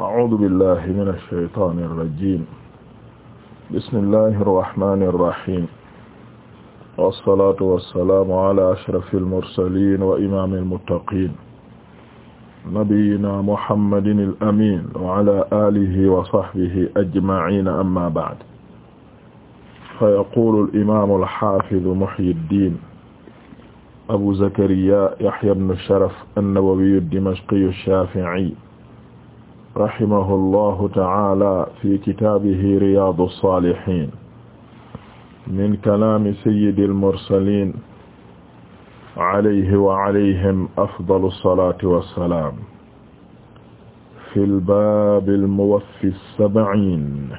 أعوذ بالله من الشيطان الرجيم بسم الله الرحمن الرحيم والصلاة والسلام على أشرف المرسلين وإمام المتقين نبينا محمد الأمين وعلى آله وصحبه أجمعين أما بعد فيقول الإمام الحافظ محي الدين أبو زكريا يحيى بن شرف النووي الدمشقي الشافعي rahimahullahu ta'ala fi kitaabihi riyaadu saalihiin min kalaami sayyidil mursaliin alayhi wa alayhim afdalu salaati wa salaam fil baabil muwaffi sab'iin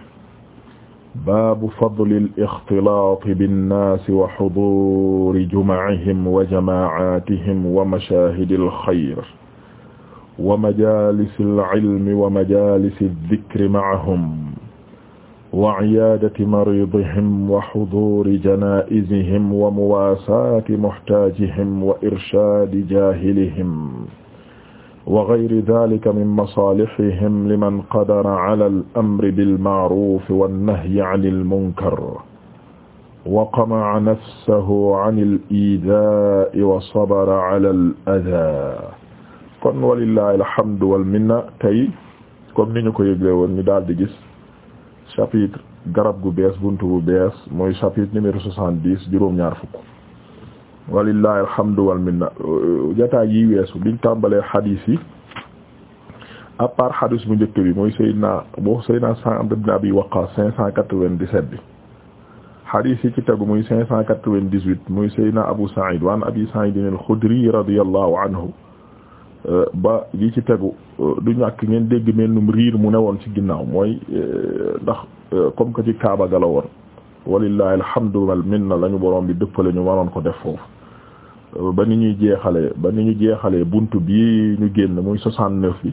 baabu fadlil ixtilaati binnaasi wa xuduuri jumu'ihim wa jamaa'aatihim wa mashaahidil xayr wa majalisi alilmi wa majalisi aldikri maahum wa ciyaadati maridihim wa xuduuri janaa'izihim wa muwaasaati muxtaajihim wa irshaadi jaahilihim wa gayri daalika min masaalihihim liman qadara cala al-amri bil-macruufi wan-nahyi cani al-munkar wa qamaca nafsahu cani al-iidaa'i wa sabara cala al-adaa kon walillahi alhamdu wal minna tey comme ni ñu ko yëgle woon ñu daal di gis chapitre garab gu bees buntu bu bees mooy chapitre numéro soixante-dix juróom-ñaar fukk walillahi alhamdu wal minna jotaay yi weesu biñ tàmbalee xadiis yi à part xadiis bu njëkk bi mooy Seydina boo Seydina Sa'd ibn Abi Waqqas cinq cent quatre-vingt-dix-sept bi xadiis yi ci tegu muy cinq cent quatre-vingt-dix-huit muy Seydina Abu Sa'id wa an Abi Sa'id al-Khudri radiyallahu anhu Euh, ba yi ci tegu euh, du ñàkk ngeen dégg melnum riir mu ne woon ci ginnaaw mooy euh, ndax comme que ci Kaaba ga la woon walillahi alhamdu wal minna lañu borom bi dëppale ñu waroon ko def foofu ba ni ñuy jeexale ba ni ñu jeexalee bunt bi ñu génn muy soixante-neuf bi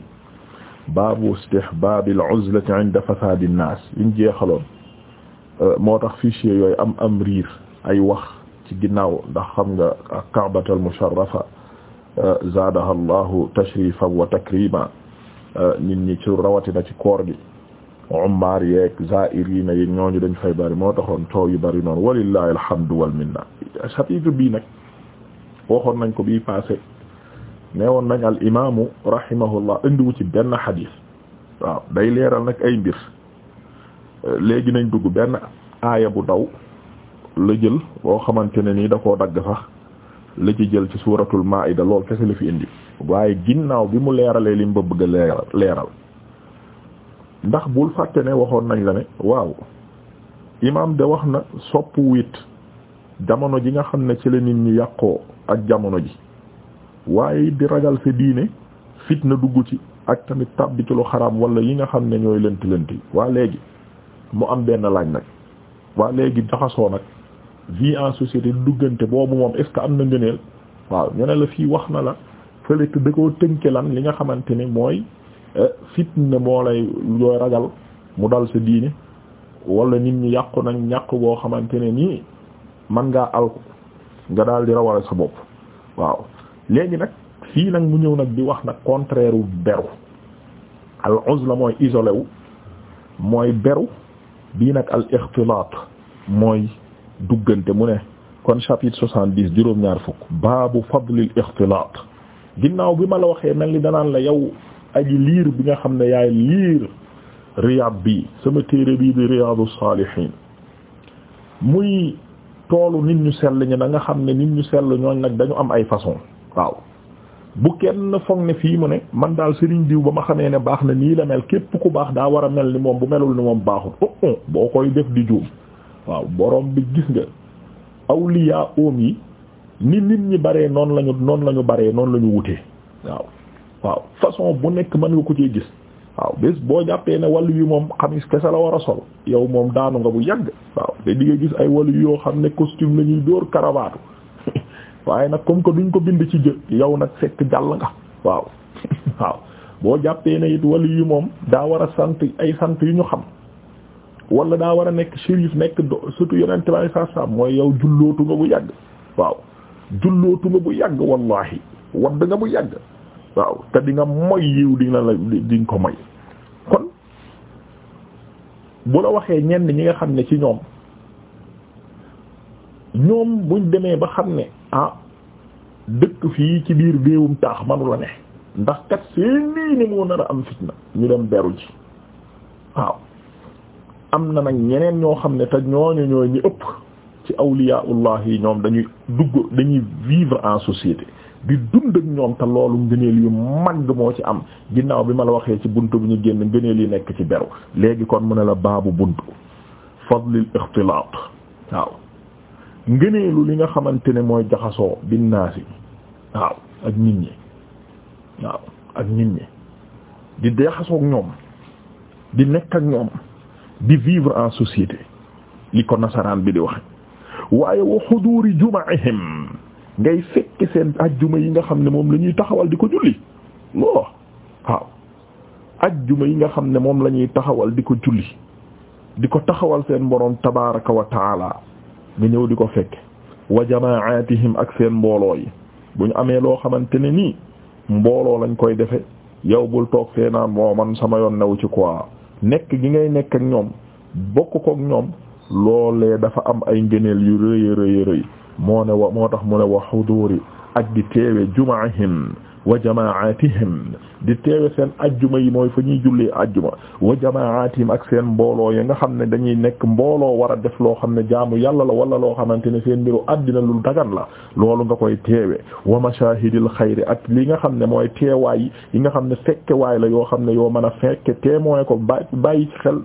baabu istihbaabil uzlati inda fasaadi naas yiñ jeexaloon moo tax fichier yooyu am am riir ay wax ci ginnaaw ndax xam nga ak Kaabatal musharrafa zaadaha allahu tashrifan wa takriman nit ñi ci rawatina ci koor gi ummaar yeeg zairina yeeg ñooñu dañ fay bari moo taxoon coow yu bari noonu walillahi alhamdu wal minna chapitre bii nag waxoon nañ ko bii passé nee woon nañ al imaamu rahimahullah indiwu ci benn xadiis waaw day leeral nag ay mbir léegi nañ dugg benn aaya bu daw la jël boo xamante ne nii da koo dagg la ci jël ci suuratul maa'ida lool kese la fi indi waaye ginnaaw bi mu leeralee li mu ba bëgg a leeral ndax bul fàtte ne waxoon nañ la ne waaw imaam de wax na soppu wit jamono ji nga xam ne ci la nit ñi yàqoo ak jamono ji waaye di ragal fi diine fitna dugg ci ak tamit tàbbi ci lu xaraam wala yi nga xam ne ñooy lënt lënt yi waa léegi mu am benn laaj nag waa léegi jaxasoo nag vie en société duggante boobu moom est-ce que am na ngëneel waaw ñu ne la fii wax na la fële te da koo tënke lan li nga xamante ni mooy eh, fitna moo lay looy ragal mu dal sa diine wala nit ñu yàqu nañ ñàq boo xamante ne nii man ngaa alku nga daal di rawale sa bopp waaw léegi nag fii nag mu ñëw nag bi wax nag contraire u beru al uzla mooy isolé wu mooy beru bii nag al ixtilaat mooy duggante mu ne kon chapitre soixante-dix juróom-ñaar fukk baabu fadlil ixtilaat ginnaaw bi ma la waxee mel ni danaan la yow aji liir bi nga xam ne yaay liir Riyad bi sama téere bii di Riyadu Salihin muy toolu nit ñu sell ñi da nga xam ne nit ñu sell ñooñ nag dañu am ay façon waaw bu kenn foog ne fii mu ne man daal sëriñ diw ba ma xamee ne baax na nii la mel képp ku baax daa war a mel ni moom bu melul ni moom baaxul oh, oh, boo koy def di juum waaw boroom bi gis nga awliyaa oom yi ni nit ñi bare noonu lañu noonu lañu baree noonu lañu wutee waaw waaw façon bu nekk mën nga ko ci gis waaw bés boo jàppee ne wàllu yu moom xamis kese la war a sol yow moom daanu nga bu yàgg waaw te di nga gis ay wàllu yoo xam ne costume la ñuy dóor karabaatu waaye nag comme que duñ ko bind ci jë yow nag sekk jàll nga waaw waaw boo jàppee na it wàllu yu moom daa war a sant ay sant yu ñu xam wala daa war a nekk shérif nekk do surtout yonent bi alayhi salaam mooy yow jullootu nga bu yàgg waaw jullootu nga bu yàgg wallahi wadd nga bu yàgg waaw te di nga moy yiw di nga la di nga ko moy kon bu la waxee ñenn ñi nga xam ne ci ñoom ñoom buñ demee ba xam ne ah dëkk fii ci biir réewum taax manu la ne ndax kat seen lii ni moo nar a am fitna ñu dem beru ji waaw am na nag ñeneen ñoo xam ne te ñooñu ñooy ñi ëpp ci awliyaullah yi ñoom dañuy dugg dañuy vivre en société di dund ak ñoom te loolu ngëneel yu mag moo ci am ginnaaw bi ma la waxee ci buntu bi ñu génn ngëneel yi nekk ci beru léegi kon mën ne la baabu buntu fadlil ixtilaat waaw ngëneelu li nga xamante ne mooy jaxasoo binnaasi waaw ak nit ñi waaw ak nit ñi di jaxasoo ak ñoom di nekk ak ñoom di vivre en société li ko nasaraan bi di wax waaye wa xuduuri jumaihim ngay fekke seen ajjuma yi nga xam ne moom la ñuy taxawal di ko julli lo yi nga xam ne moom la ñuy taxawal di ko julli di ko taxawal seen mboroom tabaraka wa taala nga ñëw di ko fekke wa jamaatihim ak seen mbooloo yi bu ñu amee loo xamante ne nii mbooloo lañ koy defe yow bul toog fee naan moo man sama yoon new ci quoi nekk gi ngay nekk ak ñoom bokk kook ñoom loolee dafa am ay ngëneel yu rëy rëy rëy moo ne wa moo tax mu ne wa xuduri ak di teewe jumaahim jamaa wa jamaatihim di teewe seen ajjuma yi mooy fa ñuy jullee ajjuma wa jamaatihim ak seen mbooloo yi nga xam ne dañuy nekk mbooloo war a def loo xam ne jaamu yàlla la wala loo xamante ne seen mbiru àddina lu dagan la loolu nga koy teewe wa mashahidil xayri ak li nga xam ne mooy teewaay yi nga xam ne fekkewaay la yoo xam ne yoo mën a fekke témoin ko bàyyi ci xel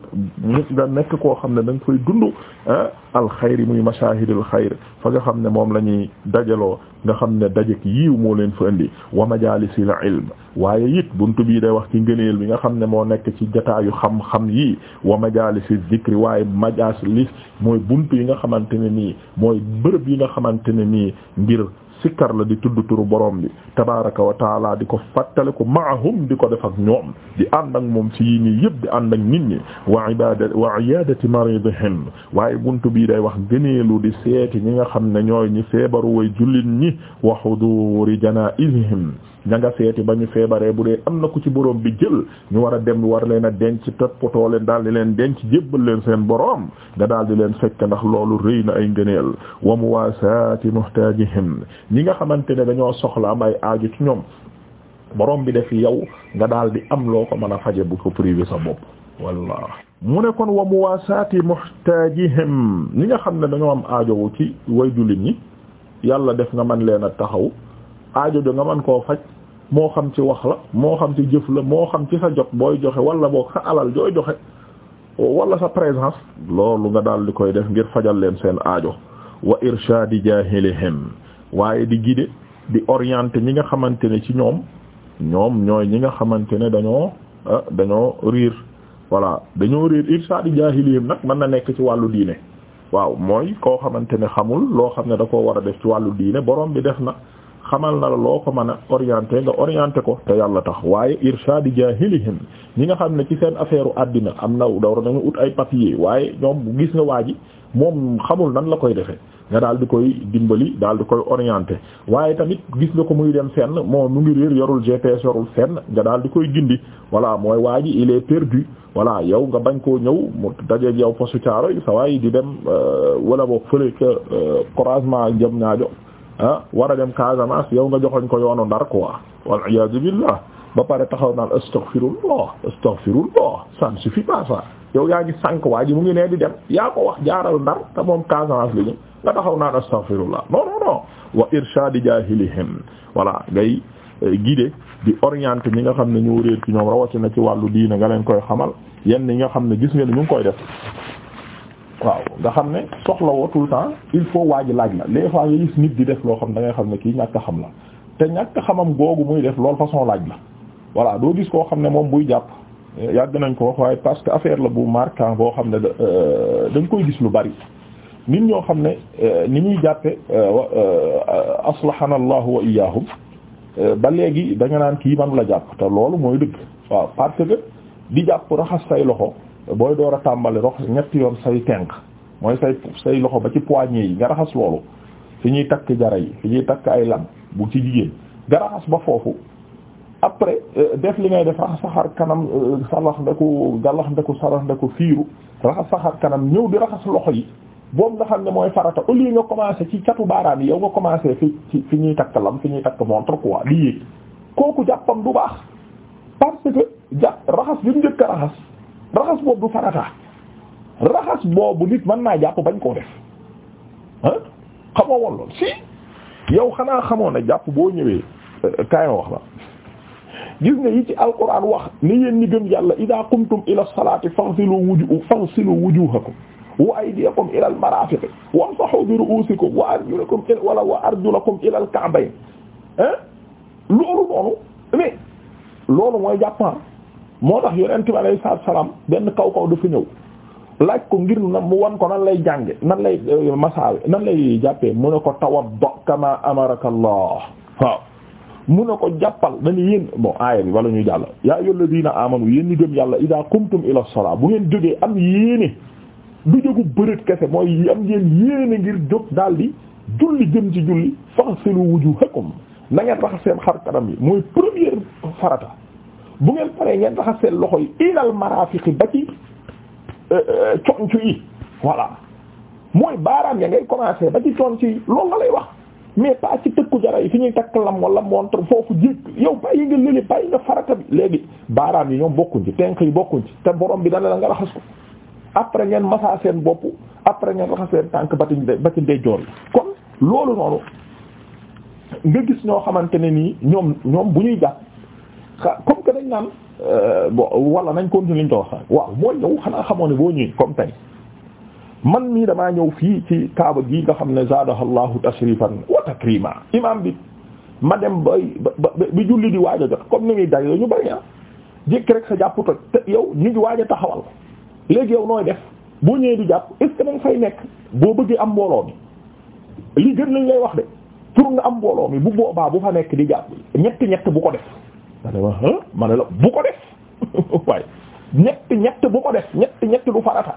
nga nekk koo xam ne da koy dund ah alxayri muy mashahidul xayr fa nga xam ne moom la ñuy dajaloo nga xam ne dajeg yiiw moo leen fa indi wa majalisil ilm waaye it bunt bii day wax ki ngëneel bi nga xam ne moo nekk ci jataayu xam-xam yi wa majalisi zikri waaye majalis mooy buntu yi nga xamante ne nii mooy bërëb yi nga xamante ne nii ngir sikkar la di tudd turu borom bi tabaraka wa taala di ko fattale ko maahum di ko def ak ñoom di ànd ak moom ci yii nii yëpp di ànd ak nit ñi wa ibada wa iyadati maridihim waaye buntu bii day wax gëneelu di seeti ñi nga xam ne ñooy ñi feebaru way jullit ñi wa huduri janaizihim ña nga seeti ba ñu feebaree bu dee am na ko ci boroom bi jël ñu war a dem war leen a denc toppatoo leen daal di leen denc jébbal leen seen borom nga daal di leen fekk ndax loolu rëy na ay ngëneel wa muwaasaati muhtaajihim ñi nga xamante ne dañoo soxla am ay aaju ci ñoom borom bi def yow nga daal di am loo ko mën a faje bu ko privé sa bopp wallah mu ne kon wa muwaasaati muhtaajihim ñi nga xam ne dañoo am aajowu ci way jullit ñi yàlla def nga man leen a taxaw aajo di nga mën koo faj moo xam ci wax la moo xam ci jëf la moo xam ci sa jot booy joxe wala boog sa alal jooy joxe wala sa présence loolu nga daal di koy def ngir fajal leen seen aajo wa irshadi jahilihim waaye di guider di orienter ñi nga xamante ne ci ñoom ñoom ñooy ñi nga xamante ne dañoo ah, dañoo riir voilà dañoo riir irshadi jahilihim nag mën na nekk ci wàllu diine waaw mooy koo xamante ne xamul loo xam ne da koo war a def ci wàllu diine borom bi def na xamal na la loo ko mën a orienté nga orienté ko te yàlla tax waaye irshadi jahilihim ñi nga xam ne ci seen affaire àddina am na dawra nañu ut ay papier waaye ñoom gis nga waa ji moom xamul nan la koy defee nga daal di koy dimbali daal di koy orienté waaye tamit gis nga ko muy dem seen moo mu ngi réer yorul GPS yorul fenn nga daal di koy gindi voilà mooy waa ji il est perdu voilà yow nga bañ koo ñëw mu dajeeg yow posu caaro yi sa waay di dem euh, wala boog fële ca euh, croisement jëm ñaajo ah war a dem Casamance yow nga joxoñ ko yoonu ndar quoi wal iyaazu billah ba pare taxaw naan astaghfirullah astaghfirullah ça ne suffit pas ça yow yaa ngi sànq waa ji mu ngi nee di dem yaa ko wax jaaral ndar te moom Casamance li ñu nga taxaw naan astaghfirullah non wa irshad jahilihim voilà ngay eh, guider di orienter ñi nga xam ne ñoo réer ci ñoom rawatina ci wàllu diina nga leen koy xamal yenn ñi nga xam ne gis nga ni ñu ngi koy def waaw nga xam ne soxla woo tout temps il faut waaj laaj la les fois nga gis nit di def loo xam ne ngay xam ne kii ñàkk xam la te ñàkk xamam googu muy def lool façon laaj la voilà doo gis koo xam ne moom buy jàpp yàgg nañ ko wax waaye parce que affaire la bu marquant boo xam ne da euh, dañ koy gis lu bari nit ñoo xam ne euh, ni ñuy jàppe euh, aslahana allahu wa iyyahum ba léegi da naan kii man la jàpp te loolu mooy dëgg waaw parce que di jàpp raxas say loxo booy door a tàmbali rox ñetti yoon say tenq mooy say say loxo ba ci poignée yi nga raxas loolu fi ñuy takk jara yi fi ñuy takk ay lam bu ci jigéen nga ba foofu après euh, def li ngay def raxas sa xar kanam euh, salax ndeku galax ndeku salax ndeku fiiru raxas sa xar kanam ñëw di raxas loxo yi boobu nga xam ne mooy farata au lieu nga commencé ci catu baaraam yi yow nga commencé fi fi ñuy takk lam fi ñuy takk montre quoi di yéeg kooku jàppam du baax parce raxas boobu du nit mën naa jàpp bañ koo def ah xamoo woon lool si yow xanaa xamoon na jàpp boo ñëwee euh, kaay ma wax la gis nga yi ci alquran wax ni yéen ñi yàlla ida qumtum ila salati faghsilu wuju faghsilu wujuhakum wa aydiyakum ila al marafiq wamsahu bi ru'usikum wa arjulakum wala wa arjulakum ila al ka'bayn ah loolu noonu mais loolu mooy jàppan ah. moo tax yonent bi alayhi salaatu benn kaw kaw dafa ñëw laaj ko ngir na mu wan ko nan lay jànge nan lay euh, masaawe nan lay jàppee mu ne ko tawadda kama amaraka Allah mu ne ko jàppal dañu yéen bon aaya bi wala ñuy jàll yaa ayyuhal ladina amanu yéen ñu gëm yàlla idaa qumtum ila salaa bu ngeen jógee am yéene du jógu bërët kese mooy am ngeen yéene ngir jóg daal di julli jëm ci julli faghsilu wujuhakum na ngeen raxas seen xar kanam yi mooy première farata bu ngeen paree ngeen raxas seen loxo yi ilal marafiqi ba ci euh, euh, conc yi voilà mooy baaraam yaa ngay commencer ba ci conc yi loolu la lay wax mais pas ci tëkku jara yi fi ñuy takk lam wala montre foofu jéeg yow bàyyi nga lële bàyyi nga farata léegi baaraam yi ñoom bokkuñ ci tenk yi bokkuñ ci te borom bi dana la nga raxas ko après ngeen masaa seen bopp après ngeen raxas seen tànk ba ci ba ci ndeyjoor yi kon loolu noonu nga gis ñoo xamante ne nii ñoom ñoom bu ñuy jàpp xa comme que dañ naan euh, bon wala nañ continuer liñ ko wax waaw mooy ñëw xanaa xamoo ne boo ñëwee comme tey man mii damaa ñëw fii ci kaaba gi nga xam ne zaadahallahu tashrifan wa takrima imam bi ma dem bay ba bi julli di waaj a jot comme ni ngi day ñu bari ah jékki rek sa jàpp toj te yow ñu ngi waaj taxawal léegi yow nooy def boo ñëwee di jàpp est ce que fay nekk boo bëggee am mbooloo mi li gën lañ lay wax de pour nga am mbooloo mi bu boobaa bu fa nekk di jàpp ñett ñett bu ko def ma ne ma ma ne la bu ko def waaye ñett ñett bu ko def ñett ñett du farata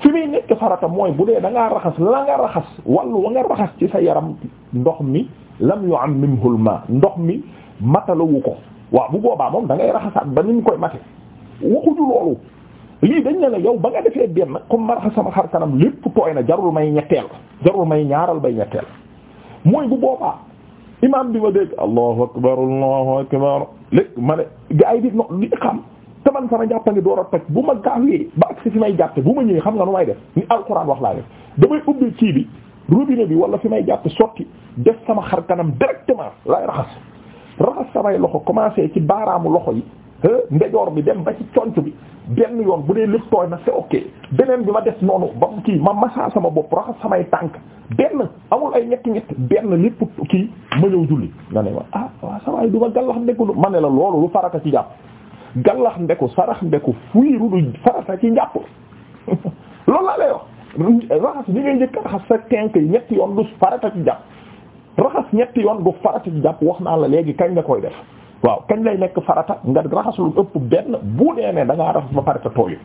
fi muy nekk farata mooy bu dee da ngaa raxas la nga raxas wàllu wa nga raxas ci sa yaram ndox mi lam yu am minhul ma ndox mi matalawu ko waaw bu boobaa moom dangay raxasaat ba ni ñu koy mate waxuñu loolu lii dañ ne la yow ba nga defee benn comme ma raxas sama xar kanam lépp tooy na jarul may ñetteel jarul may ñaaral bay ñetteel mooy bu boobaa imam bi ma dégg allahu akbar allahu akbar léegi ma ne gaa yi di no di xam te sama jàppa ngi door a toj bu ma gaawee ba ak si fi may jàppe bu ma ñëwee xam nga nu may def ni alxuraan wax laa def damay ubbi kii bi robinet bi wala fi may jàppe sotti def sama xar kanam directement lay raxas raxas samay loxo commencé ci baaraamu loxo yi ndejoor bi dem ba ci conc bi benn yoon bu dee lépp tooy na sa ok beneen bi ma def noonu ba mu kii ma massa sama bopp raxas samay tànk benn amul ay ñetti ñett benn lépp kii ma ñëw julli nga ne ma ah waaw sawaay du ma gàllax ndeku ma ne la loolu lu farata ci jàpp gàllax ndeku sarax ndeku fuiru du farata ci njàpp loolu laa lay wax raxas bi ngay njëkk yi ñetti yoon du farata ci jàpp raxas ñetti yoon du farata ci jàpp wax naa la léegi kañ nga koy def waaw kañ lay nekk farata nga raxas lu ëpp benn bu dee ne da raxas ba pare te tooyul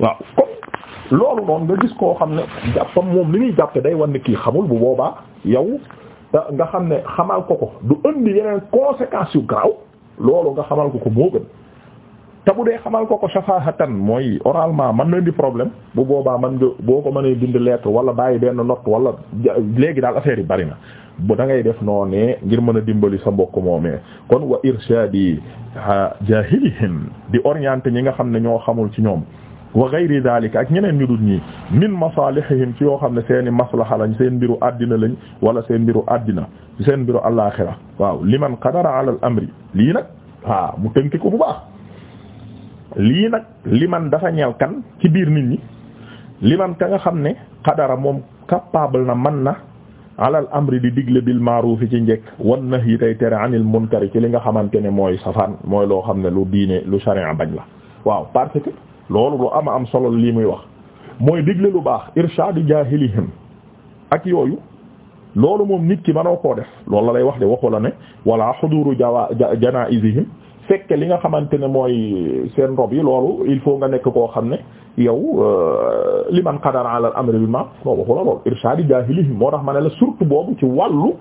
waaw comme loolu noonu nga gis koo xam ne jàppam moom li muy jàppe day wan ne kii xamul bu boobaa yow euh, nga xam ne xamal ko ko du indi yeneen conséquences yu graw loolu nga xamal ko ko moo gën te bu dee xamal ko ko shafahatan mooy oralement man na indi problème bu boobaa mën nga boo ko mënee bind lettre wala bàyyi benn note wala léegi daal affaire yi bari na bu da ngay def noonee ngir mën a dimbali sa mbokk moomee kon wa irshadi jahilihim di orienter ñi nga xam ne ñoo xamul ci ñoom wa gayri daalika ak ñeneen ñu dul ñii min masalihihim ci yoo xam ne seeni maslaha lañ seen mbiru àddina lañ wala seen mbiru àddina seen mbiru àllaaxira waaw liman qadara ala al amri lii nag waaw mu tënki ko bu baax lii nag liman dafa ñeel kan ci biir nit ñi liman ka nga xam ne qadara moom capable na man na alal amri di digle bil ma'ruf ci njekk wan nahyi tey tere anil munkar ci li nga xamante ne mooy safaan mooy loo xam ne lu diine lu sharia bañ la waaw parce que loolu lu ama am solo lii muy wax mooy digle lu baax irshadu jaahilihim ak yooyu loolu moom nit ki mënoo koo def loolu lay wax de waxu la ne wala xuduru jawa janaizihim fekke li nga xamante ne mooy seen rob yi loolu il faut nga nekk koo xam ne yow euh, li man qadara ala al-amri bil ma'ruf moo waxu la lool irshadi jahilihi moo tax ma ne la surtout boobu ci wàllu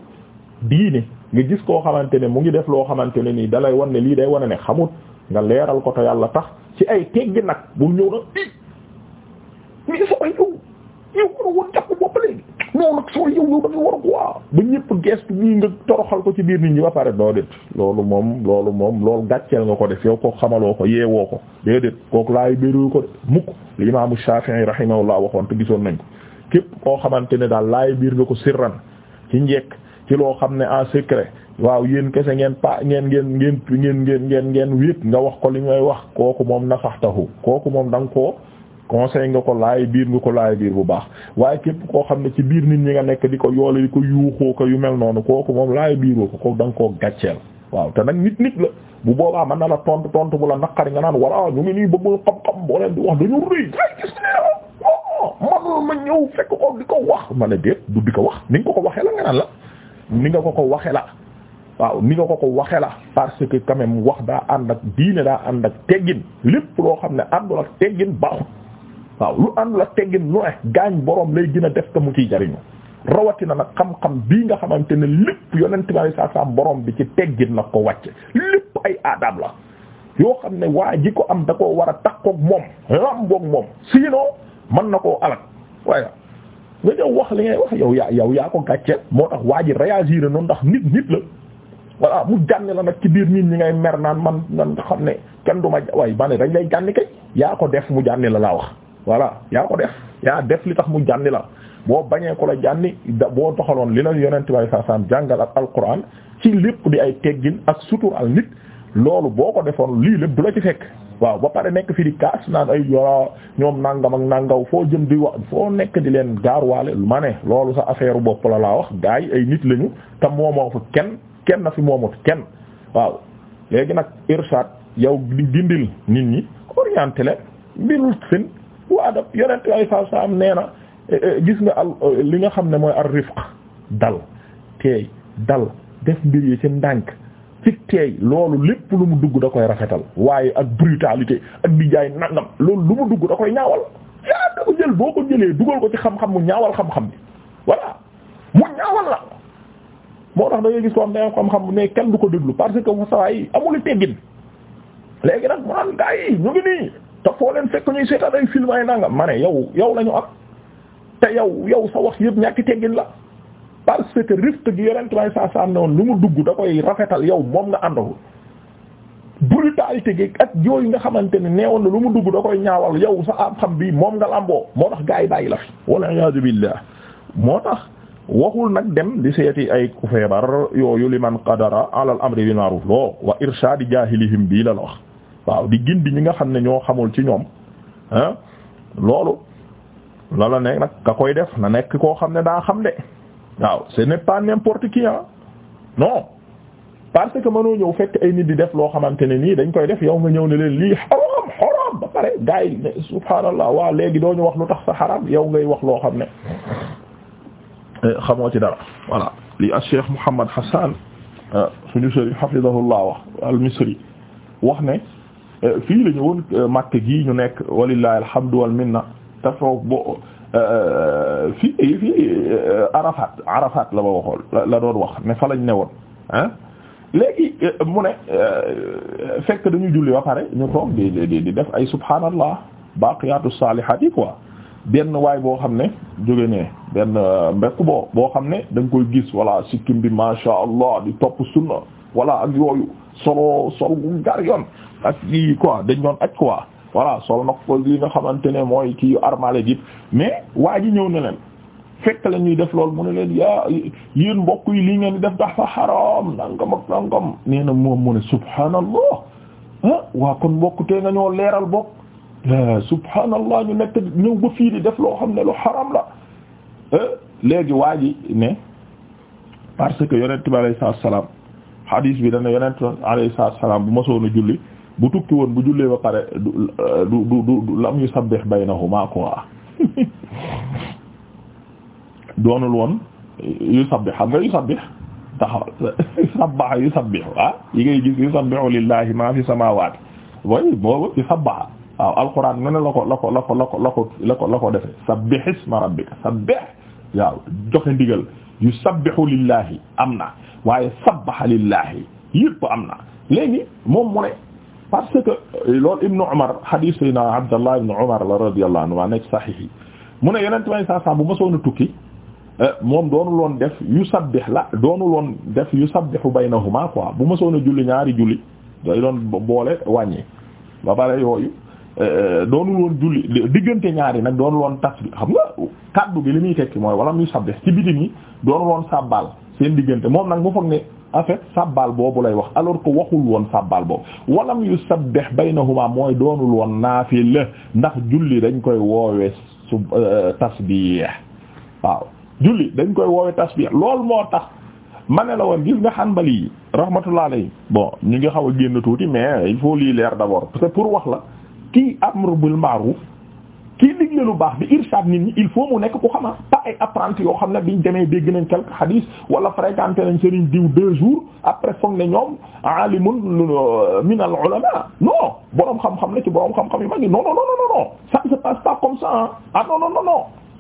diine nga gis koo xamante ne mu ngi def loo xamante ne nii dalay won ne lii day wane ne xamut nga leeral ko te yàlla tax ci ay teggi nag bu ñëw na i mi sooy yow yow wara woon jàpp non nag soo yow yow da nga war quoi ba ñëpp gestu bii nga toroxal ko ci biir nit ñi ba pare doo déet loolu moom loolu moom lool gàcceel nga ko def yow kooku xamaloo ko yeewoo ko déedéet kooku laay béru ko mukk li imaamu Shafi'i laa waxoon te gisoon nañ ko képp koo xamante ne daal laay biir nga ko sirran ci njekk ci loo xam ne en secret waaw yéen kese ngeen pa ngeen ngeen ngeen ngeen ngeen ngeen ngeen wéet nga wax ko li ngay wax kooku moom nafaxtahu kooku moom da nga conseil nga ko laay biir nga ko laay biir bu baax waaye képp koo xam ne ci biir nit ñi nga nekk di ko yoole di ko yuuxoo ko yu mel noonu kooku moom laay biiroo ko ko da nga koo gàcceel waaw te nag nit nit la bu boobaa mën na la tontu tontu bu la naqari nga naan walla ñu ngi nii bëgg xam-xam boo leen di wax dañu rëy ay gis oh ma ñëw fekk ko di ko wax ma ne déet du di ko wax ni nga ko ko waxee la nga naan la ni nga ko ko waxee la waaw ni nga ko ko waxee la parce que quand wax daa ànd ak diine daa ànd lépp loo xam ne àndul ak waaw lu àndul ak teggin lu ne gaañ boroom lay gën a def te mu ciy jariñu rawatina nag xam-xam bii nga xamante ne lépp yonent bi saa saa bi ci teggin la ko wàcce lépp la yoo xam ne waa ji am da koo war a takkoog moom lamboog moom mën na koo alal waaye nga wax li ngay wax yow yaa yow yaa ko waa ji réagir noonu ndax nit mu gànne la nag ci biir nit ñi ngay mer naan man nan xam ne kenn du ma waay ba ne dañ lay gànni kay yaa ko def mu gànne la laa wax. voilà yaa ko def yaa def li tax mu jànni la boo bañee ko la jànni da boo toxaloon li la yonent bi saa saam jàngal ak alquran ci lépp di ay teggin ak sutural nit loolu boo ko defoon lii lépp du la ci fekk waaw ba pare nekk fi di kaas naan ay yora ñoom nangam ak nangaw foo jëm di wax foo nekk di leen gaaruwaale ma ne loolu sa affaire bopp la laa wax gars yi ay nit lañu te moomoo fa kenn kenn na fi moomut kenn waaw léegi nag irshad yow di gindil nit ñi orienté waa de yonent ay saa saa am nee na eh, eh, gis nga al eh, li nga xam ne mooy ar rifq dal teey dal def mbir yi ci ndànk ci teey loolu lépp lu mu dugg da koy rafetal waaye ak brutalité ak di nangam loolu lu mu dugg da koy ñaawal yaa da ko jël boo ko jëlee dugal ko ci xam-xam mu ñaawal xam-xam bi voilà mu ñaawal la moo tax da ngay gis ko am ne kenn du ko déglu parce que fa sawaay amul teggin léegi nag mu naan gaa ñu ngi nii te foo leen fekk ñuy seetaan ay film ay nangam ma ne yow yow la ñu te yow yow sa wax yëpp ñàkk teggin la parce que rift gi yonent may saa saa am ne woon lu mu dugg da koy rafetal yow moom nga àndawul brutalité gi ak yooyu nga xamante ne woon na lu mu dugg da koy ñaawal yow sa am xam bi moom nga lamboo moo tax gaa yi bàyyi la fi walla iyaadu billaah moo nag dem di seeti ay feebar yooyu li man qadara ala al amri bil ma'ruf loo wa irshad jaahilihim bii la la wax waaw di gindi ñi nga xam ne ñoo xamul ci ñoom ah loolu la la nekk nag ka koy def na nekk koo xam ne daa xam ne waaw ce n'est pas n'importe qui ah non parce que mënoo ñëw fekk ay nit di def loo xamante ne nii dañ koy def yow nga ñëw ne leen lii xaram xaram ba pare gars yi ne léegi doo ñu wax lu tax sa xaram yow ngay wax loo xam ne eh, xamoo ci dara voilà li a Cheikh Mouhammad Hassan eh, suñu sëriñ hafidahullah wax al-Misri wax ne Euh, fii la ñu woon euh, Makka gii ñu nekk walillahi alhamdu wal minna te foofu bo euh, fii fii Arafat Arafat la ba waxoon la doon wax ne fa lañ ne woon léegi mu ne fekk dañu julli ba pare ñu toog di di di def ay subhaanallah baqiyatu salihat yi quoi benn waay boo xam ne jóge ne benn mbekk boo boo xam ne dañ koy gis walla sikkim bi masha allah di topp sunna walla ak yooyu solo sol gu gar yoon ak lii quoi dañ doon ak quoi voilà sol nag ko li nga xamante ne mooy kii yu armale yëpp mais waa ji ñëw na leen fekk la ñuy def loolu mu ne leen yaa yéen mbokk yi lii ngeen di def dafa xaram nangam ak nangam nee na moom mu ne subhaanallah ah waa kon mbokk te nga ñoo leeral bokk subhaanallah ñu nekk ñëw ba fii di def loo xam ne lu xaram la eh léegi waa ji ne parce que yonent bi alayhi salaam hadis bi dana yonent alayhi salaam bu ma soona julli bu tukki woon bu jullee ba pare du du du du lam yu sabbih baynahuma woon yu sabbih xam nga yu sabbih taxaw sabbaha yu sabbih ah yi ngay gis yu sabbihu lillahi ma fi samawati way boobu yu sabbaha waaw alquran ne ne la ko la ko la ko la ko la ko la ko defe sabbih isma rabbika sabbih waaw joxe ndigal yu sabbihu lillahi am na waaye sabbaha lillahi yëpp am na léegi moom mu ne parce que euh, lool Ibn Umar hadith na Abdallah Ibn Umar la radiyallahu anhu waa nekk saxiix yi mu ne yeneen may saa saa bu ma soon a tukki euh, moom doonul woon def yusabbih la doonul woon def yusabbihu baynahuma quoi bu ma soon a julli ñaari julli day doon boole wàññi ba pare yooyu euh, doonul woon julli diggante ñaari nag doonul woon tas xam nga kaddu gi li muy tekki mooy wala muy sabbih ci bitim yi doonul woon sàbbaal seen diggante moom nag mu foog ne. en fait boobu lay wax alors que waxul woon sabbal boobu walam yusabbih baynahuma mooy doonul woon naafila ndax julli dañ koy woowe su euh, tasbih waaw julli dañ koy woowe tasbih lool moo tax ma ne la woon gis nga Hanbali yi rahmatullah alayhi bon ñu ngi xaw a génn tuuti mais il faut lii leer d'abord parce que pour wax la kii amru bil ma'ruf kii digle lu baax bi irshad nit ñi il faut mu nekk ku xam pas ay apprenti yoo xam ne biñ demee dégg nañ quelques hadith wala fréquenté nañ sëriñ diw deux jours après foog ne ñoom alimun euh, min al ulama non boroom xam-xam la ci boroom xam-xam yi non non non non non ça ne se passe pas comme ça ah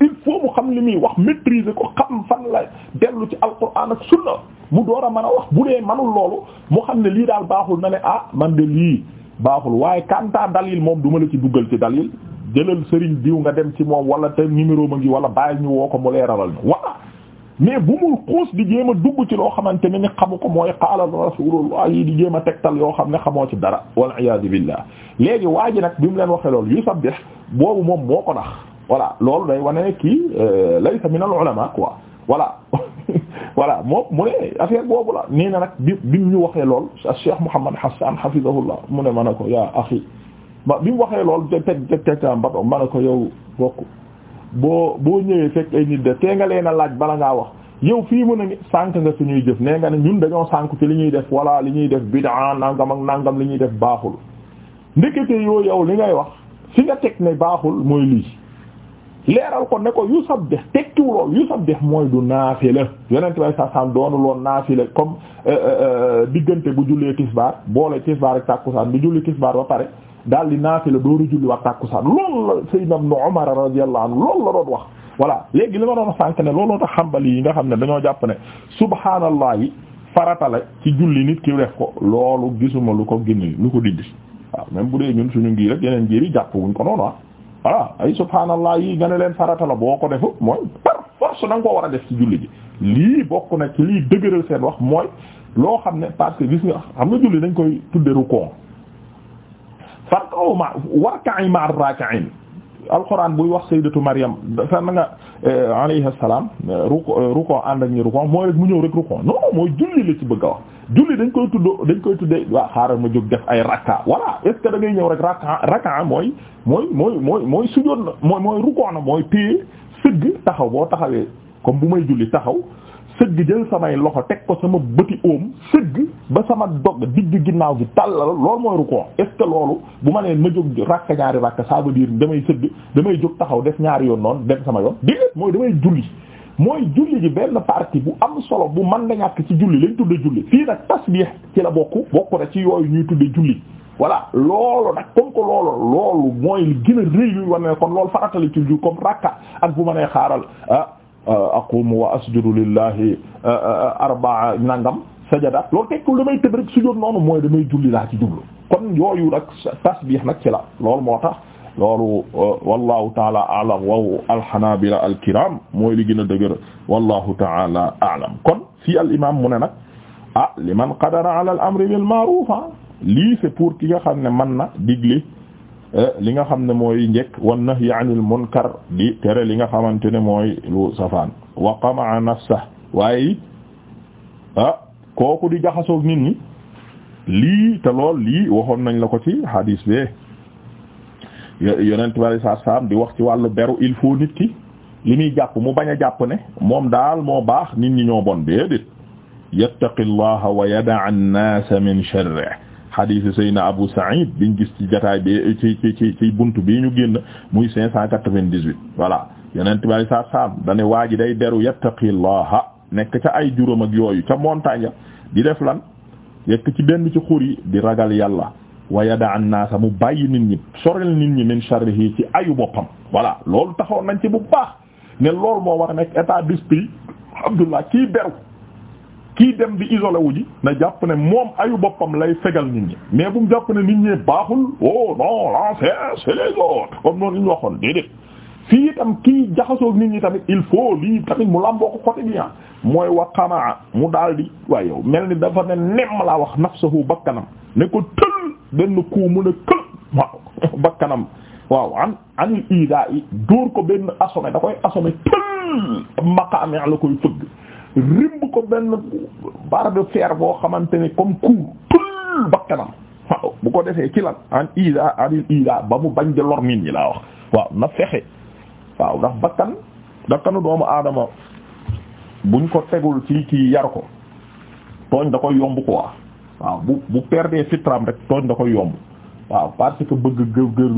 il faut mu xam li muy wax maîtriser ko xam fan la dellu ci alquran ak sunna mu door a mën a wax bu dee manul loolu mu xam ne lii daal baaxul na ne ah man de lii baaxul waaye kanta dalil moom duma la ci duggal ci dalil jëlal sëriñ diw nga dem ci moom wala te numéro ma ngi wala baay ñu woo ko mu leeralal ñu wala bu mu xuus di jéem a dugg ci loo xamante ne ni xamu ko mooy qaala rasulullah yi di jéem a tegtal yoo xam ne xamoo ci dara wal iyaadu billah léegi waa ji nag bi mu leen waxee loolu yusabbih boobu moom moo ko nax voilà loolu day wane ne kii euh, laysa min al ulama quoi voilà voilà a mu ne affaire boobu la nee na nag bi bi mu ñu waxee lool Cheikh Mouhamed Hassan hafizahullah mu ne ma ne ko yaa ma bi mu waxee lool te teg teg ca mbato ma ne ko yow bokk boo boo ñëwee fekk ay nit de tee nga leen laaj bala ngaa wax yow fii mu ne sànq nga suñuy jëf nee nga ne ñun dañoo sànq ci li ñuy def wala li ñuy def bid'a nangam ak nangam li ñuy def baaxul ndekete yoo yow li ngay wax fi nga teg ne baaxul mooy lii leeral ko ne ko yu sab dex tekkiwuloo yu sab dex mooy du naafila yonent bay sa sam doonu loon la comme euh, euh, euh, diggante bu jullee tisbaar boole tisbaar ak tàkkusaan bu julli tisbaar ba pare daal di naafila dooru julli wax tàkkusaan loolu la sayyidna ibn Umar radiyallahu anhu loolu la doon wax voilà léegi li ma doon sànk ne looloo tax xambali yi nga xam ne dañoo jàpp ne subhaanallah yi farata la ci julli nit ki def ko loolu gisuma lu ko génn lu ko dindi waaw même bu dee ñun suñu ngi rek yeneen njëriñ jàpp wuñ ko noonu ah ay subhaanallah yi nga ne leen farata boo ko defu mooy par force da nga koo war a def ci julli ji lii bokk na lii dëgëral seen wax mooy loo xam ne parce que xam nga julli dañ koy tudde rukoo farka'u ma warka'i ma'a ar-raaki'iin alxuraan buy wax sayyidatu Maryam dafa na nga eh, alayhi salaam eh, ruku eh, ruku ànd ak ñi ruku mooy rek mu ñëw rek ruku non non mooy julli la ci bëgg wax julli dañ koy tudd dañ koy tuddee waaw xaaral ma jóg def ay rakka voilà est ce ñëw rek rakka rakka mooy mooy mooy mooy mooy sujoon na mooy mooy na mooy téye sëgg taxaw boo taxawee comme bu may julli taxaw sëgg jël samay loxo teg ko sama bëti oom sëgg ba sama dog digg ginnaaw bi tàllal loolu mooy rukkoo est ce loolu bu ma nee ma jóg rakk ñaari rakk ça veut dire damay sëgg damay jóg taxaw def ñaari yoon noonu def sama yoon déedéet mooy damay julli mooy julli ji benn partie bu am solo bu man na ñàkk ci julli lañ tudde julli fii nag tasbih ci la bokk bokk na ci yooyu ñuy tudde julli voilà loolu nag comme que loolu loolu mooy gën a rëy yu war ne kon loolu faratale ci ju comme rakka ak bu ma xaaral ah Euh, aqumu wa asjudu lillahi euh, euh, arbaa nangam sajada loolu tekkul damay tëb rek sujjóot noonu mooy damay julli laa ci jublu kon yooyu nag tasbih nag ci la loolu moo tax loolu wallahu taala alam waw alhanabila alkiram mooy li gën a dëgër wallahu taala alam kon fii al imam mu ne nag ah liman qadara ala al amri bil ma'ruf ah, lii c'est pour ki nga xam ne mën na digle Eh, li nga xam ne mooy njëkk wan nahyi anil munkar di tere li nga xamante ne mooy lu safaan wa qamaa nafsa waaye ah kooku di jaxasoog nit ñi lii te lool lii waxoon nañ la ko ci hadis bee yonent bari saa saam di wax ci wàllu beru il faut nit ki li muy jàpp mu bañ a jàpp ne moom daal moo baax nit ñi ñoo bon déedéet yattaqillaha wa yadaa an-nas min sharrihi xadiis Seydina Abu Sa'id biñ gis ci jataay bi ci ci ci ci bunt bi ñu génn muy cinq cent quatre-vingt-dix-huit voilà yeneen tubaab sa saam da ne ji day deru yattaqillaha nekk ca ay juróom ak yooyu ca montagne di def lan yekk ci benn ci xur yi di ragal yàlla wa yada an naasa mu bàyyi nit ñi sorel nit ñi min sharrihi ci ayu boppam voilà loolu taxoon nañ ci bu baax ne loolu moo war a nekk état d'esprit Abdullah kii beru kii dem di isolé wu ji na jàpp ne moom ayu boppam lay fegal nit ñi mais bu mu jàpp ne nit ñi baaxul oh non là c'est c'est les comme noonu ñu waxoon déedéet fii itam kii jaxasoog nit ñi tamit il faut lii tamit mu lamboo ko côté bi ah. mooy waqamaa mu daal di waaye yow mel ni dafa ne nemm laa wax nafsuhu bakkanam ne ko tël benn kuu mu ne kël waaw bakkanam waaw an anil ida yi dóor ko benn assommé da koy assommé tël maqaame la koy fëgg rimb ko benn barre de fer boo xamante ne comme coup bakkanam bu ko defee ci lan an ida anil ida ba mu bañ di lor nit ñi laa wax waaw na fexe waaw ndax bakkan bakkanu doomu aadama buñ ko tegul ci ci yar ko tooñ da ko yomb quoi waaw bu bu fitram rek tooñ da koy yomb waaw parce que bëgg gër gër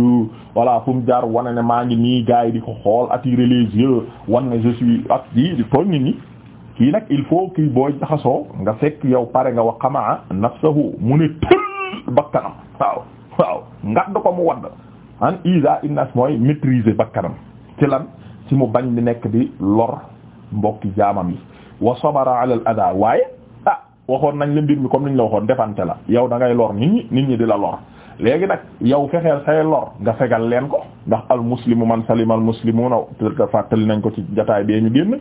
voilà fu jaar wane ne maa ngi nii gars yi di ko xool attirer les yeux wan ne je suis yi di tooñ nit ñi kii nag il faut kii booy jaxasoo nga fekk yow pare nga wax xamaa nafsahu mu ne tëll bakkanam waaw waaw ngadd ko mu wadd an isa innas mooy maîtriser bakkanam ci lan ci mu bañ di nekk di lor mbokki jaamam yi wa sabara ala al waaye a ah, waxoon nañ la mbir mi comme niñ la waxoon defante la yow da ngay lor nit ñi nit ñi di la lor léegi nag yow fexeel say lor nga fegal leen ko ndax al muslimu man salima al muslimuna fàttali nañ ko ci jataay bee ñu génn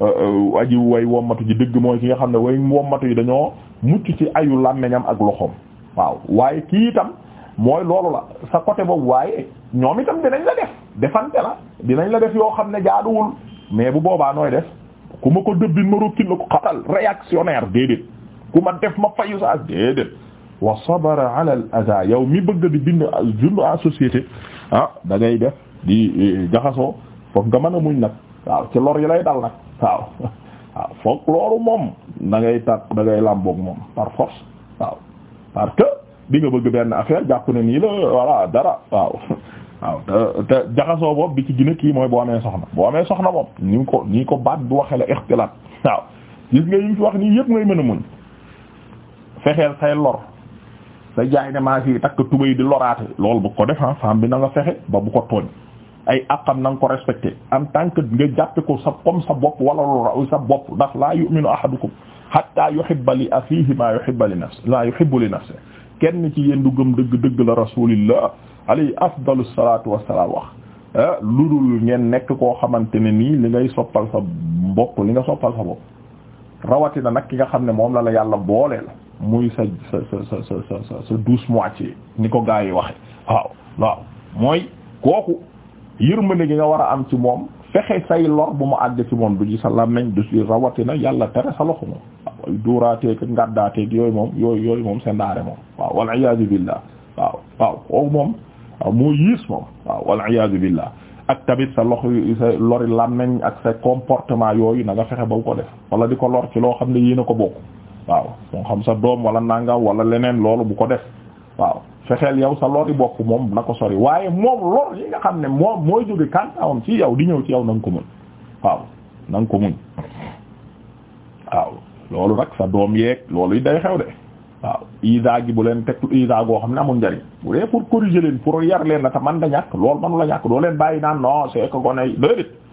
euh, aji way wommatu ji dëgg mooy ki nga xam ne way wommatu yi dañoo mucc ci ayu làmmiñam ak loxoom waaw waaye kii itam mooy loolu la sa côté boobu waaye ñoom itam dinañ la def defante la dinañ la def yoo xam ne jaaduwul mais bu boobaa nooy def ku ma ko dëbbin ma rokkin la ko xatal réactionnaire déedéet ku ma def ma fayu saa déedéet wa sabara ala al yow mi bëgg di bind dund en société ah, da ngay def di jaxasoo foog nga mën a muñ nag waaw ci lor yi lay dal nag waaw waaw foog loru moom da ngay tat da moom par force waaw parce que di nga bëgg benn affaire jàpp ne nii la voilà dara waaw waaw te jaxasoo boobu bi ci gën kii mooy boo amee soxna boo amee soxna moom ni nga ko ni ko baat bu waxee la ixtilaat waaw gis nga yi fi wax nii yëpp ngay mën a muñ fexeel say lor sa jaay ne maa si takk tubay di loraate loolu bu ko defee ah, femme bi na nga fexe ba bu ko tooñ ay àqam na nga ko respecté en tant que nga jàppe ko sa comme sa bopp wala lu sa bopp ndax laa yu'minu ahadukum hatta yuhibba li akhihi ma yuhibbu li nafsi la yuhibbu li nafsi kenn ci yéen du gëm dëgg dëgg la rasulillah alayhi afdalu salatu wasalaam wax ah, lu dul ngeen nekk koo xamante ne nii li ngay soppal sa bopp li nga soppal sa bopp rawatina nag ki nga xam ne moom la la yàlla la muy sa sa sa sa sa sa sa douce moitié ni ko gaa yi waxe waaw waaw mooy kooku yërmande gi nga war a am ci moom fexe say lor bu mu àgg ci moom du ci sa làmmiñ du ci rawatina yàlla tere sa loxo moom waaw ay yooyu moom yooyu yooyu moom seen daare moom waaw wal iyaazu billah waaw waaw kooku moom moo yiis moom waaw wal iyaazu billah ak tamit sa loxo sa lori làmmiñ ak sa comportement yooyu na fexe ba ko def wala di ko lor ci loo xam ne yéen a ko bokk waaw moo xam sa doom wala nangam wala leneen loolu bu ko def waaw fexeel yow sa lori bokk moom na ko sori waaye moom lor yi nga xam ne moom mooy jóge kantaawam ci yow di ñëw ci yow na ko muñ waaw na nga ko muñ waaw loolu nag sa doom yeeg loolu yi day xew de waaw isa gi bu leen teg isa goo xam ne amul njariñ bu dee pour corriger leen pour yar leen la te man da ñàkk lool manu la ñàkk doo leen bàyyi naan non c'est que gone déedéet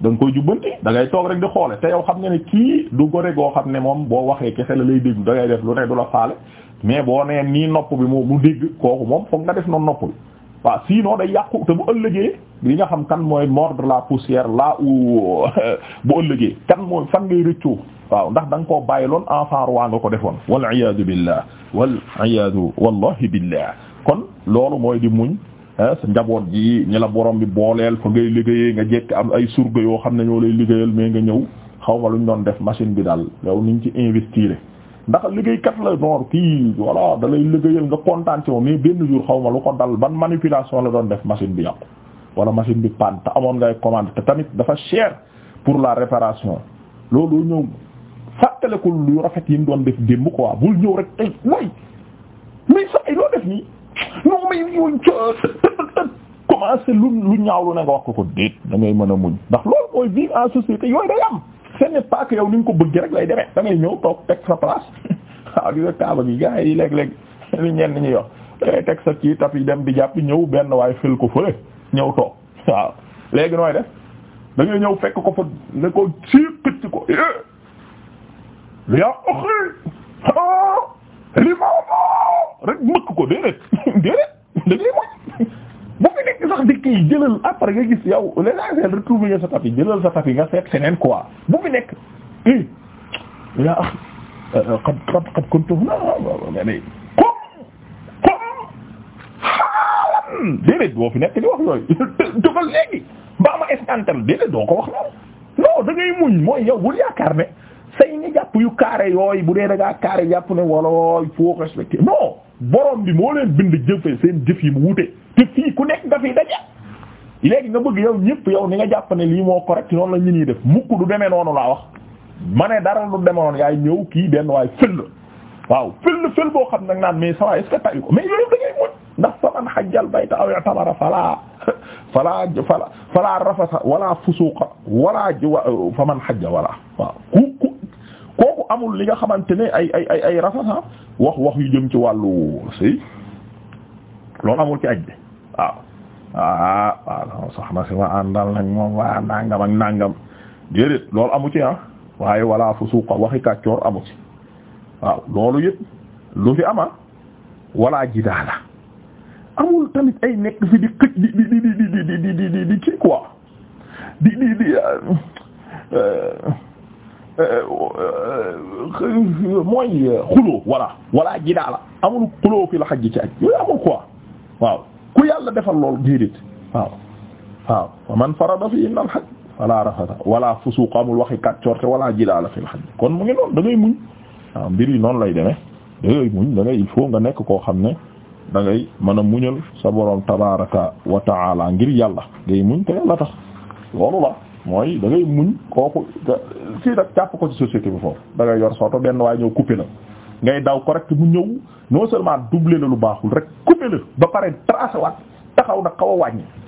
da nga koy jubbanti toog rek di xoole te yow xam nga ne kii du gore goo xam ne moom boo waxee kese la lay déglu da def lu ne du la faale mais boo nee nii nopp bi moo mu dégg kooku moom foog nga def noonu nopp bi waaw noo day yàqu te bu ëllëgee li nga xam kan mooy mordre la poussière la où bu ëllëgee kan mooy fan ngay rëccu waaw ndax danga da nga loon en enfant roi nga ko defoon wal iyadu billah wal iyadu wallahi billah kon loolu mooy di muñ Ah sa njaboot ji ñi la borom bi booleel fa ngay liggéeyee nga jekk am ay surga yoo xam ne ñoo lay liggéeyal mais nga ñëw xaw ma ñu doon def machine bi daal yow niñ ci investir ndax liggéey kat la noor kii voilà da lay liggéeyal nga kontaan ci moom mais benn jour xaw ma lu ko dal ban manipulation la doon def machine bi yàqu wala machine bi panne te amoon ngay commande te tamit dafa cher pour la réparation loolu ñëw fàttalikul lu rafet yi mu doon def démb quoi bul ñëw rek tey way mais non mais yow commencé lu lu ñaaw lu ne wax ko ko déet da mën a muñ ndax loolu mooy vivre en société yooyu day am ce n'est pas que yow ni nga ko bëgg rek lay demee da ñëw toog teg sa place waaw di rek taaba gi gars yi léeg-léeg li ñenn ñi wax teg sa ci tap yi dem di jàpp ñëw benn waaye fël ko fële ñëw toog waaw léegi nooy def da ñëw fekk ko fa ne ko ci këcc ko. Eh, li moo rek mëkk ko déedéet déedéet da ngay moñ bu fi nekk sax dëkk yi jëlal après nga gis yow l'essentiel retrouver sa tapis jëlal sa tapis nga seet seneen quoi bu fi nekk i eh, yaa ax qad qad kuntu huna nga ne comme comme xaalan déedéet boo wax yooyu dëfal léegi mbaa ma escantel déedéet doo ko wax noonu non da ngay muñ mooy yow bul yaakaar ne say ni jàpp yu carré yooyu bu dee da ngaa carré jàpp ne wala il faut respecter non borom bi moo leen bind jëfe seen jëf yi mu wute te fii ku nekk nga fi daje léegi nga bëgg yow ñëpp yow ni nga jàpp ne lii moo correct noonu la ñu ñuy def mukk du demee noonu laa wax ma ne dara lu demee noonu yaay ñëw kii benn waay fël waaw fël fël boo xam nag naan mais ça va est ko mais yooyu da ngay mën ndax faman hajjal bayta aw i'tamara fala fala fala fala rafasa wala fusuqa amul li nga xamante ne ay ay ay ay rafasa wax wax yu jëm ci wàllu sëy loolu amul ci aj bi waaw ah waaw soxna si ma àndal nag moom waa nangam ak nangam déedéet loolu amu ci ah waaye walla fusuqa waxi kàccoor amu ci waaw loolu yëpp lu fi ama walla jidaala amul tamit ay nekk fi di xëj di di di di di di di di di kii quoi di di di Euh, euh, euh, mooy xuloo walla walla ji daala amul xuloo fi la xaj ci aj yooyu amul quoi waaw ku yàlla defal lool déedéet waaw waaw fa man farada fi innal xaj wala rafata wala fusuq amul waxi kat corte wala ji fi la xaj kon mu ngi noonu da muñ waaw mbir yi noonu lay demee da muñ da ngay nga nekk koo xam ne da ngay mën a muñal sa boroom tabaraka wa ngir yàlla ngay muñ te yàlla tax loolu la mooy da ngay muñ kooku si nag jàpp ko ci société bi foofu da ngay yor soto benn waaye ñëw coupé la ngay daw correct bu ñëw non seulement doublé la lu baaxul rek coupé la ba pare tracé waat taxaw na xaw a wàññi